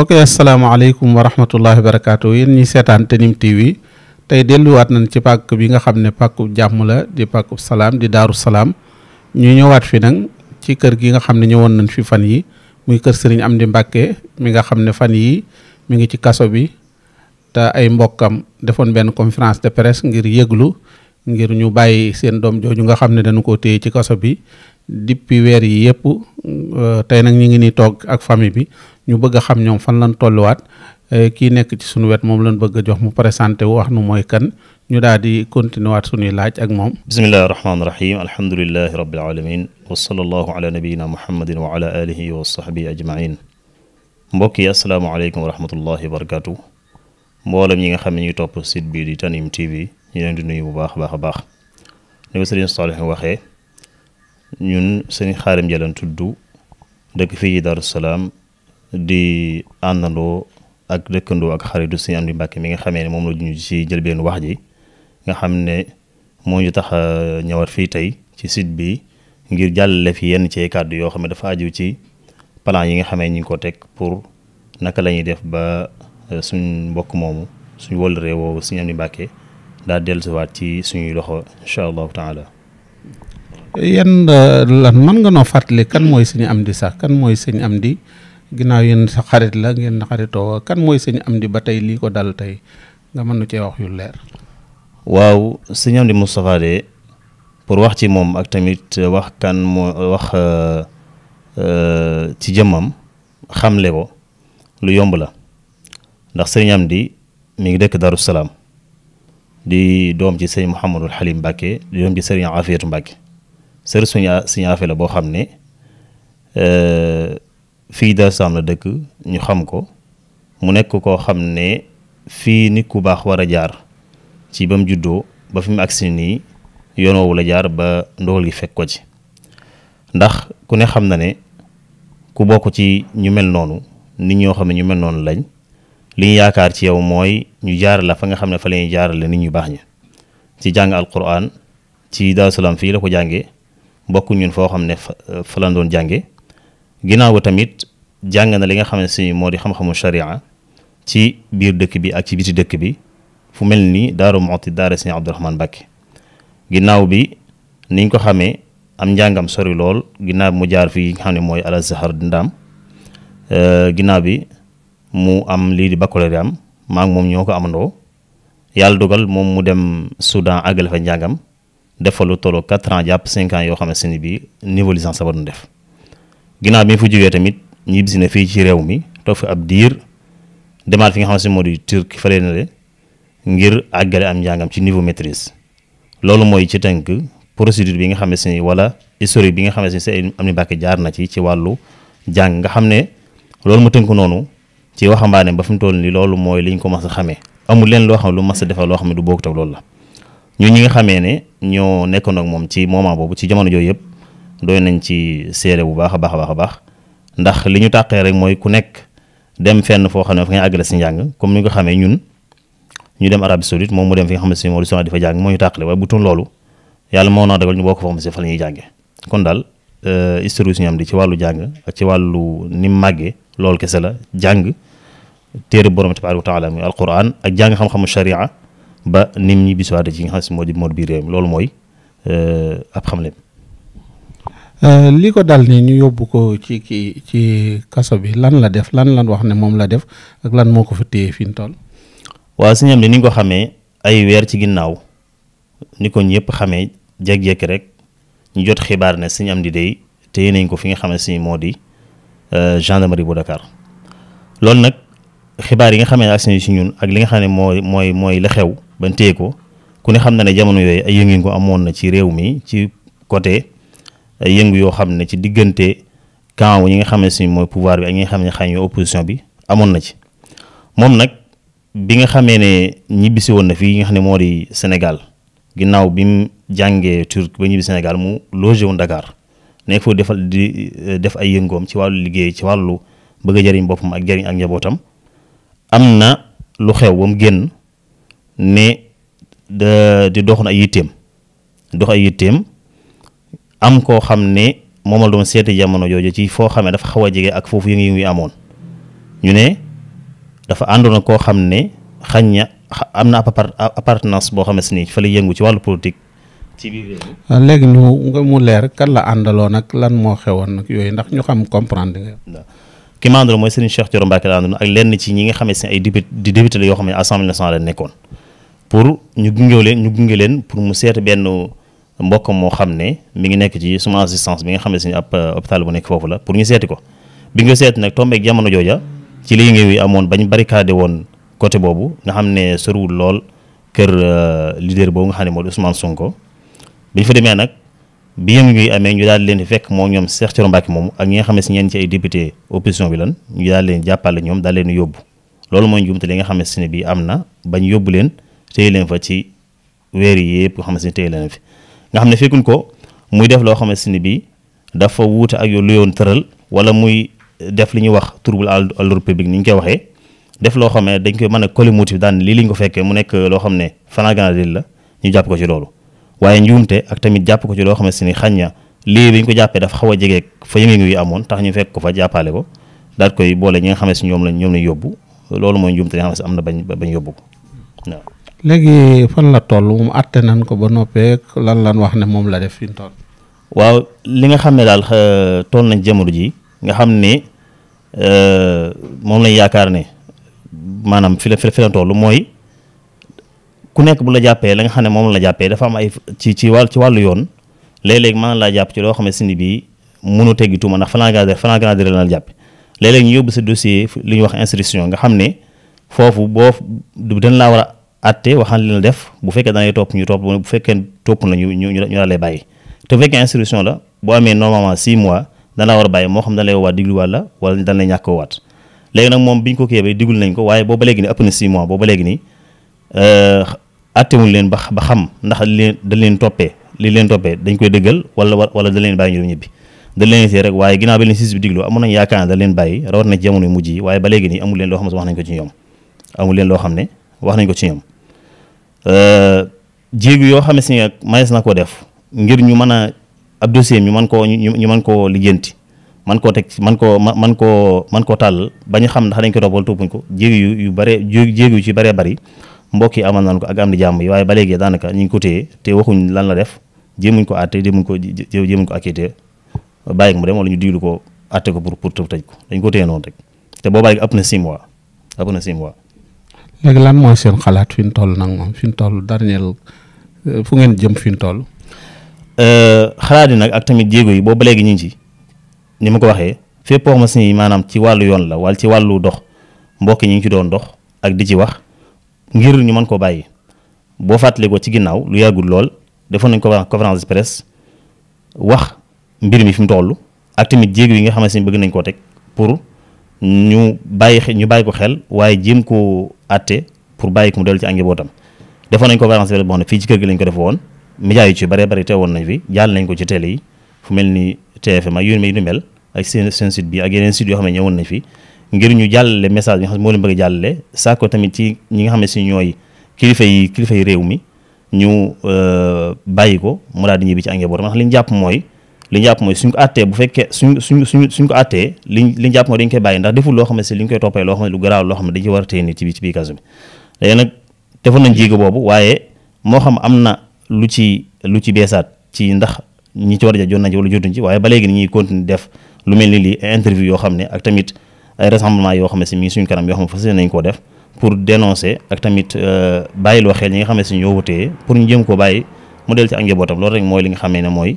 ok asalaamaaleykum wa rahmatullahi wa barakaatu yéen ñi seetaan Tanime TV tey delluwaat nañ ci pàkk bi nga xam ne pàkku jàmm la di pàkku salaam di daaru salaam ñu ñëwaat fi nag ci kër gi nga xam ne ñëwoon nañ fi fan yi muy kër sëriñ am di Mbàkke mi nga xam ne fan yi mi ngi ci kaso bi te ay mbokkam defoon benn conférence de presse ngir yëglu ngir ñu bàyyi seen doom jooju nga xam ne dañu ko téye ci kaso bi dippi weer yi yëpp euh, tey nag ñu ngi ni toog ak famille bi ñu bëgg a xam ñoom fan lañ tolluwaat euh, kii nekk ci suñu wet moom lañ bëgg a jox mu présenté wu wax nu mooy kan ñu daal di continuer suñuy laaj ak moom bismillahi rahmaani rahim alhamdulilahi rabbil alamin wa sallallahu ala nabiyina muhammadin wa ala alihi wa sahbihi ajmain mbokk yi asalaamaaleykum wa rahmatullahi wa barakatu mboolem ñi nga xam ne ñuy topp site bii di Tanime TV ñu leen di nuyu bu baax a baax a baax ni ko sëriñ waxee ñun sëñ Xaadim Jalaan tudd dëkk fii ci Daaru Salaam di àndandoo ak dëkkandoo ak xaritu sëñ Amdi Mbàkke mi nga xamee ne moom la ñu ci jëlbeen wax ji nga xam ne moo ñu tax a ñëwaat fii tey ci site bi ngir jàllale fi yenn ci kàddu yoo xam ne dafa aju ci plan yi nga xamee ñu ngi ko teg pour naka la ñuy def ba e, suñ mbokk moomu suñ wëlëree woowu sëñ Amdi Mbàkke daal dellusiwaat ci suñuy loxo incha allahu taala yan euh, lan mën nga noo fàttali kan mooy sëñ di sax kan mooy sëñ am di ginnaaw yéen sa xarit la ngeen na xaritoo kan mooy sëñ di ba tey lii ko dal tey nga mën nu cee wax yu leer. waaw sëñ Amdi Moustapha de pour wax ci moom ak tamit wax kan moo wax ci jëmmam xamle ko lu yomb la ndax sëñ di mu ngi dëkk Darou Salaam di doom ci sëñ Mouhamadul Halim Mbacke di doom ci sëriñ Afiatu Mbacke. sër suñaa siñaafe la boo xam ne euh, fii Daaru Salaam la dëkk ñu xam ko mu nekk koo xam ne fii nit ku baax war a jaar ci ba mu juddoo ba fi mu agsi nii yoon woowu la jaar ba ndogal gi fekk ko ci ndax ku ne xam na ne ku bokk ci ñu mel noonu nit ñoo xam ne ñu mel noonu lañ li ñu yaakaar ci yow mooy ñu jaar la fa nga xam ne fa lañuy ñuy jaarale nit ñu baax ñi ci jàng alquran ci Daaru Salaam fii la ko jàngee bokk ñun foo xam ne fa euh, la doon jànge ginnaaw ba tamit jàng na li nga xam ne si moo di xam-xamu sharia ci biir dëkk bi ak ci biti dëkk bi fu mel ni Daaru Muxti daara Sëñ Abdourahmane Mbàkke ginnaaw bi niñ ko xamee am njàngam sori lool ginnaaw bi mu jaar fii nga xam ne mooy Al Azhar Ndaam euh, ginnaaw bi mu am lii di baccalauréat am maa ngi moom ñoo ko amandoo yàlla dogal moom mu dem Soudan àggale fa njàngam def fa lu tolloo 4 ans jàpp 5 ans yoo xamante ne bii niveau licence la doon def ginnaaw bi ñu fa jógee tamit ñu bis ne fii ci réew mi toog ab diir demaat fi nga xamante ne moo di turc fële na ngir àggale am njàngam ci niveau maîtrise loolu mooy ci tënk procédure bi nga xamante ne wala historique bi nga xamante ne Sëriñ Amdy Mbàkke jaar na ci ci wàllu jàng nga xam ne loolu mu tënk noonu ci waxambaane ba fi mu toll nii loolu mooy liñ ko mas a xamee amul leen loo xam lu mas a defal loo xam ne du bokk taw loolu la. ñun ñu nga xamee ne ñoo nekkoon ak moom ci moment boobu ci jamono jooyu yëpp dooy nañ ci séere bu baax a baax a baax ndax li ñu tàqee rek mooy ku nekk dem fenn foo xam ne fa ngay si njàng comme ni nga xamee ñun ñu dem Arabie Saoudite moom mu dem fi nga xam ne si moo di Sénégal di fa jàng moo ñu tàqale waaye bu tun loolu yàlla moo naa dogal ñu bokk foo xam ñuy jànge kon daal euh, histoire suñu am di ci wàllu jàng ak ci wàllu ni màggee loolu kese la jàng téere borom tabaaraka wa taala muy alquran ak jàng xam-xamu sharia ba nit ñi bisuwaate ci nga xam si moo di mor bi réew loolu mooy euh, ab xamleem euh, li ko dal ni ñu yóbbu ko ci kii ci kaso bi lan la def lan lan wax ne moom la def ak lan moo ko fa téye fi mu toll waaw si ñam ni ñu ko xamee ay weer ci ginnaaw ni ko yëpp xamee jékki rek ñu jot xibaar ne suñu am di day téye nañ ko fi nga xam ne si moo di euh, gendarmerie bu Dakar loolu nag xibaar yi nga xam ne ak si ñun ak li nga xam ne mooy mooy mooy la xew ban téye ko ku ne xam na ne jamono yooyu ay yëngu-yëngu amoon na ci réew mi ci côté ay yëngu yoo xam ne ci diggante camp ñi nga xam ne mooy pouvoir bi ñi nga xam ne xañ yoo opposition bi amoon na ci moom nag bi nga xamee ne ñibbisi woon na fii yi nga xam ne moo di Sénégal ginnaaw bi mu jàngee turc ba ñibbi Sénégal mu logé wu Dakar nekk foofu defal di eh, def ay yëngoom ci wàllu liggéey ci wàllu bëgg a jëriñ boppam ak jëriñ ak njabootam am na lu xew ba mu génn ne di dox na ay yitteem dox ay yitteem am koo xam ne moom la doon seeti jamono jooju ci foo xamee dafa xaw a jege ak foofu yëngu-yëngu amoon ñu ne dafa àndoon ak koo xam ne xañ na am na ab appartenance boo xam ne si nii fa lay yëngu ci wàllu politique. ci biir ah, léegi ñu nga mu leer kan la àndaloon ak lan moo xewoon ak yooyu ndax ñu xam comprendre nga. ki ma mooy Serigne Cheikh Thioro la àndaloon ak lenn ci ñi nga xam ne si ay député di député la yoo xam ne assemblée nationale la nekkoon. pour ñu gunge leen ñu gunge leen pour mu seet benn mbokkam moo xam ne mi ngi nekk ci suma assistance bi nga xam ne suñu ab euh, hôpital bu nekk foofu la pour ñu seeti ko bi nga seet nag tombeeg jamono jooja ci li nga wi amoon bañ barricade woon côté boobu nga xam ne soriwul lool kër euh, leader boobu nga xam ne moo di Sonko bi ñu fa demee nag bi yëngu ngi amee ñu daal leen di fekk moom ñoom Cheikh Thioro Mbacké moomu ñi nga xam ne si ay député opposition bi lan ñu daal leen jàppale ñoom daal leen yóbbu loolu mooy njuumte li nga xam ne si ne bi am na bañ yóbbu leen téye leen fa ci weer yi yëpp nga xamante ni téye leen fi nga xam ne fekkuñ ko muy def loo xamante ni bii dafa wuute ak yow lu yoon tëral wala muy def li ñu wax trouble à l'ordre public ni ñu koy waxee def loo xam dañ koy mën a coller motif daan lii li ñu ko fekkee mu nekk loo xam ne fanaganadil la ñu jàpp ko ci loolu waaye njuumte ak tamit jàpp ko ci loo xamante ni xañ na lii bi ñu ko jàppee dafa xaw a jegeeg fa yëngu yi amoon tax ñu fekk ko fa jàppaale ko daal koy boole ñi nga xam ne si ñoom lañ ñoom lañ yóbbu loolu mooy njuumte li na bañ bañ yóbbu léegi fan la toll moom àtte nañ ko ba noppee lan lan wax ne moom la def fi mu toll. waaw li nga xam ne daal euh, tool nañ jamono ji nga xam ne euh, moom lañ yaakaar ne maanaam fi la fi la toll mooy ku nekk bu la jàppee la nga xam ne moom la jàppee dafa am ay ci ci wàll ci wàllu yoon léeg-léeg mën laa jàpp ci loo xam ne sindi bi mënu teggi tuuma ndax flagrant flagrant délit la jàppe léeg-léeg ñu yóbbu sa dossier li ñuy wax instruction nga xam ne foofu boo atte waxaan li def bu fekkee dangay topp ñu topp bu fekkee topp na ñu ñu ñu lay bàyyi te bu fekkee instruction la boo amee normalement 6 mois dana la war a bàyyi moo xam dana lay waat diglu wàlla wala dana lay ñàkk waat léegi nag moom bi ñu ko kiiyee ba digul nañ ko waaye booba léegi ni ëpp na 6 mois booba léegi euh, leen ba ba xam ndax leen dañ leen toppee li leen toppee dañ koy wala wala dañ leen bàyyi ñu ñibbi dañ leen see rek waaye ginnaaw bi na ci jamono waaye ba léegi ni amul leen loo xam ne wax nañ ko leen loo xam ne wax nañ ko ci ñoom euh, jéegu yoo xam ne si nag mayees na ko def ngir ñu mën a ab dossier ñu mën koo ñu ñu mën koo lijjanti man koo teg man koo man koo man koo tàll bañu xam ndax dañ ko toppal toppuñ ko jéegu yu yu bare jéegu yu ci bare bari mbokk yi amal nañ ko ak am di jàmm yi waaye ba léegi daanaka ñu ngi ko téye te waxuñ lan la def jéemuñ ko àtte jéemuñ ko jéemuñ ko acquitté bàyyi ko dem wala ñu diglu ko àtte ko pour pour tëj ko dañ ko téye noon rek te boo bay ëpp na six mois ëpp na six mois léegi lan mooy seen xalaat fi ñu toll nag moom fi ñu toll dernier euh, fu ngeen jëm fi ñu toll. Euh, xalaat yi nag ak tamit jéego yi boo ba léegi ñu ngi ci ni ma ko waxee fépp si yi maanaam ci wàllu yoon la wala ci wàllu dox mbokk ñu ngi ci doon dox ak di ci wax ngir ñu mën koo bàyyi boo fàttalee fàttalikoo ci ginnaaw lu yàggul lool defoon nañ ko conférence de presse wax mbir mi fi mu toll ak tamit jéego yi nga xamante ne bëgg nañ koo teg pour. ñu bàyyi ñu bàyyi ko xel waaye jéem ko àtte pour bàyyi ko mu dellu ci ak njabootam defoon nañ ko conférence bi boo xam ci kër gi lañ ko def woon médias yu ci bëree fi jàll nañ ko ci télé yi fu ni TFM ak yooyu yu ak seen seen bi ak yeneen yoo xam ne ñëwoon nañ fi ngir ñu jàllale message bi nga xam ne moo jàllale saa tamit ci ñi nga xam ne si ñooy kilifa yi kilifa yi réew mi ñu euh, bàyyi ko mu daal di ñibbi ci ak njabootam ndax li ñu jàpp mooy li ñu mooy suñ ko àttee bu fekkee suñ suñ suñ suñ ko àttee liñ li ñu jàpp mooy koy bàyyi ndax deful loo xam ne si li ñu koy toppee loo xam lu garaaw loo xam ne dañ ci war a téye ni nag defoon nañ jéego boobu waaye moo xam am na lu ci lu ci beesaat ci ndax ñi ci a jot nañ ci wala jotuñ ci waaye ba léegi ni ñuy continuer def lu mel ni lii interview yoo xam ne ak tamit ay yoo xam ne si mi ngi suñ kanam yoo xam ne fas nañ koo def pour dénoncer ak tamit euh, bàyyiloo xel ñi nga xam ne si ñoo wutee pour ñu jëm koo bàyyi mu del ci ak njabootam loolu rek mooy li nga xam ne mooy